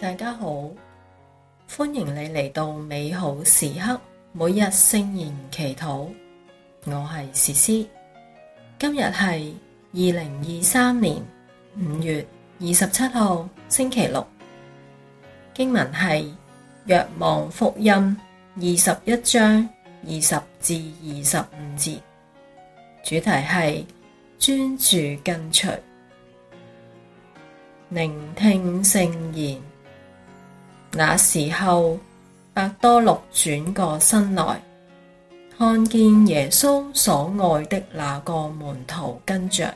大家好，歡迎你嚟到美好時刻，每日聖言祈禱。我係詩詩，今日係二零二三年五月二十七號星期六。經文係《若望福音》二十一章二十至二十五節，主題係專注跟隨，聆聽聖言。那時候，伯多祿轉過身來，看見耶穌所愛的那個門徒跟着，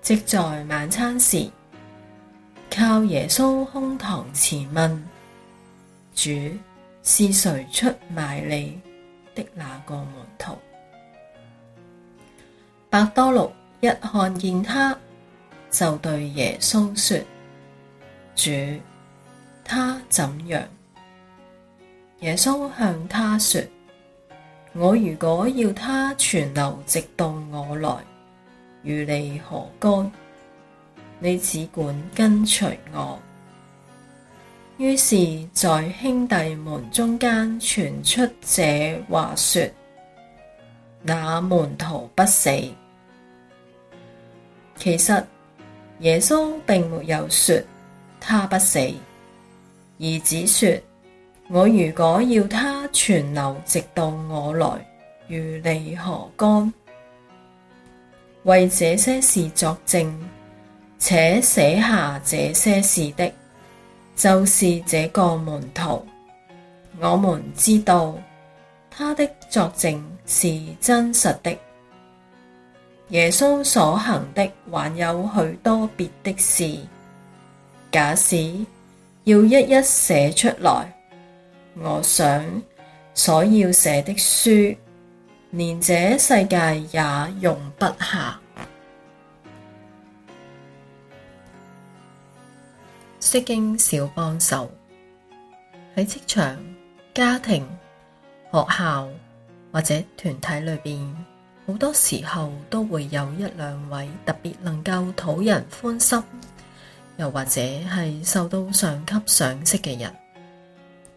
即在晚餐時，靠耶穌胸膛前問：主是誰出賣你的那個門徒？伯多祿一看見他，就對耶穌說：主。他怎樣？耶穌向他說：我如果要他存留直到我來，與你何干？你只管跟隨我。於是，在兄弟們中間傳出這話說：那門徒不死。其實，耶穌並沒有說他不死。而只說：我如果要他存留直到我來，與你何干？為這些事作證且寫下這些事的，就是這個門徒。我們知道他的作證是真實的。耶穌所行的還有許多別的事，假使。要一一寫出來，我想所要寫的書，連這世界也容不下。釋經小幫手，喺職場、家庭、學校或者團體裏邊，好多時候都會有一兩位特別能夠討人歡心。又或者係受到上級賞識嘅人，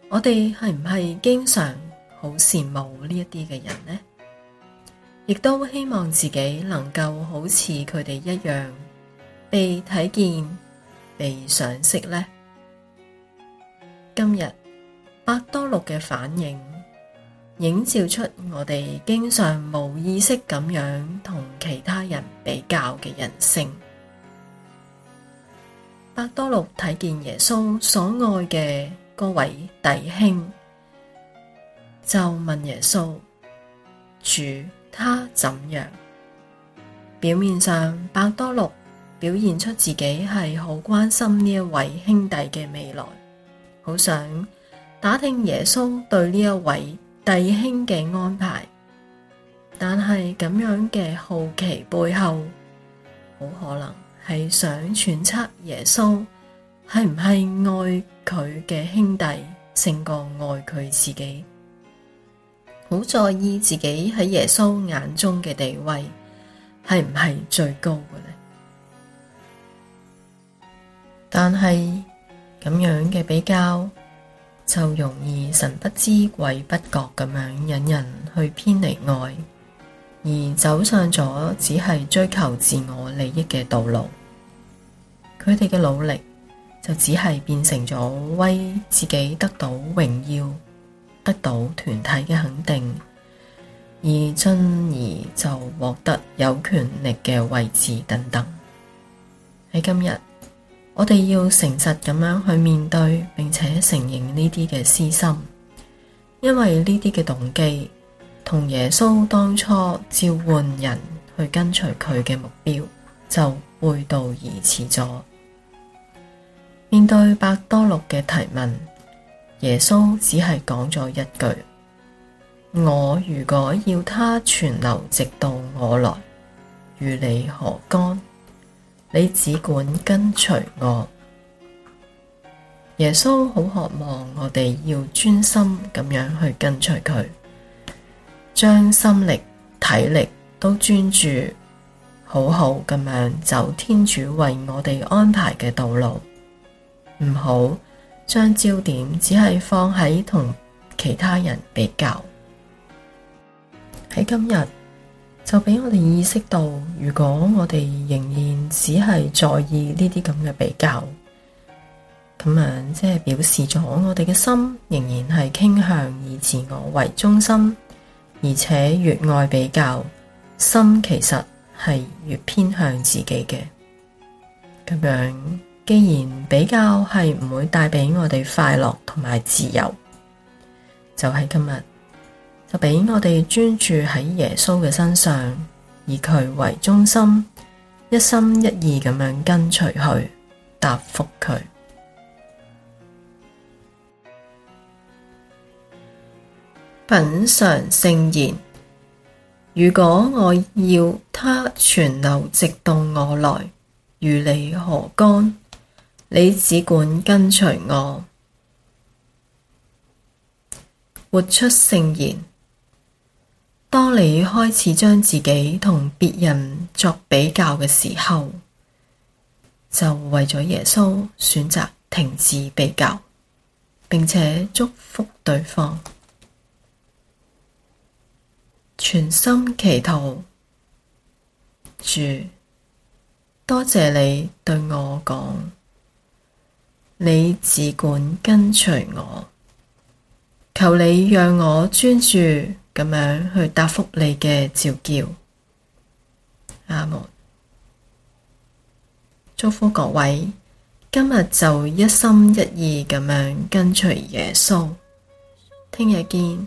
我哋係唔係經常好羨慕呢一啲嘅人呢？亦都希望自己能夠好似佢哋一樣被睇見、被賞識呢？今日，伯多祿嘅反應，映照出我哋經常冇意識噉樣同其他人比較嘅人性。伯多祿睇見耶穌所愛嘅嗰位弟兄，就問耶穌：主，他怎樣？表面上，伯多祿表現出自己係好關心呢一位兄弟嘅未來，好想打聽耶穌對呢一位弟兄嘅安排。但係咁樣嘅好奇背後，好可能，係想揣測耶穌係唔係愛佢嘅兄弟勝過愛佢自己，好在意自己喺耶穌眼中嘅地位係唔係最高嘅呢？但係咁樣嘅比較就容易神不知鬼不覺咁樣引人去偏離愛。而走上咗只係追求自我利益嘅道路，佢哋嘅努力就只係變成咗為自己得到榮耀、得到團體嘅肯定，而進而就獲得有權力嘅位置等等。喺今日，我哋要誠實咁樣去面對，並且承認呢啲嘅私心，因為呢啲嘅動機。同耶穌當初召喚人去跟隨佢嘅目標，就背道而馳咗。面對伯多祿嘅提問，耶穌只係講咗一句：我如果要他存留直到我來，與你何干？你只管跟隨我。耶穌好渴望我哋要專心咁樣去跟隨佢。將心力、體力都專注，好好咁樣走天主為我哋安排嘅道路，唔好將焦點只係放喺同其他人比較。喺今日就畀我哋意識到，如果我哋仍然只係在意呢啲咁嘅比較，咁樣即係表示咗我哋嘅心仍然係傾向以自我為中心。而且越愛比較，心其實係越偏向自己嘅。咁樣既然比較係唔會帶畀我哋快樂同埋自由，就喺今日就畀我哋專注喺耶穌嘅身上，以佢為中心，一心一意咁樣跟隨佢，答覆佢。品嚐聖言，如果我要他存留，直到我來，與你何干？你只管跟隨我。活出聖言。當你開始將自己同別人作比較嘅時候，就為咗耶穌選擇停止比較，並且祝福對方。全心祈禱。主，多謝你對我講，你只管跟隨我，求你讓我專注咁樣去答覆你嘅召叫。阿門。祝福各位，今日就一心一意咁樣跟隨耶穌，聽日見。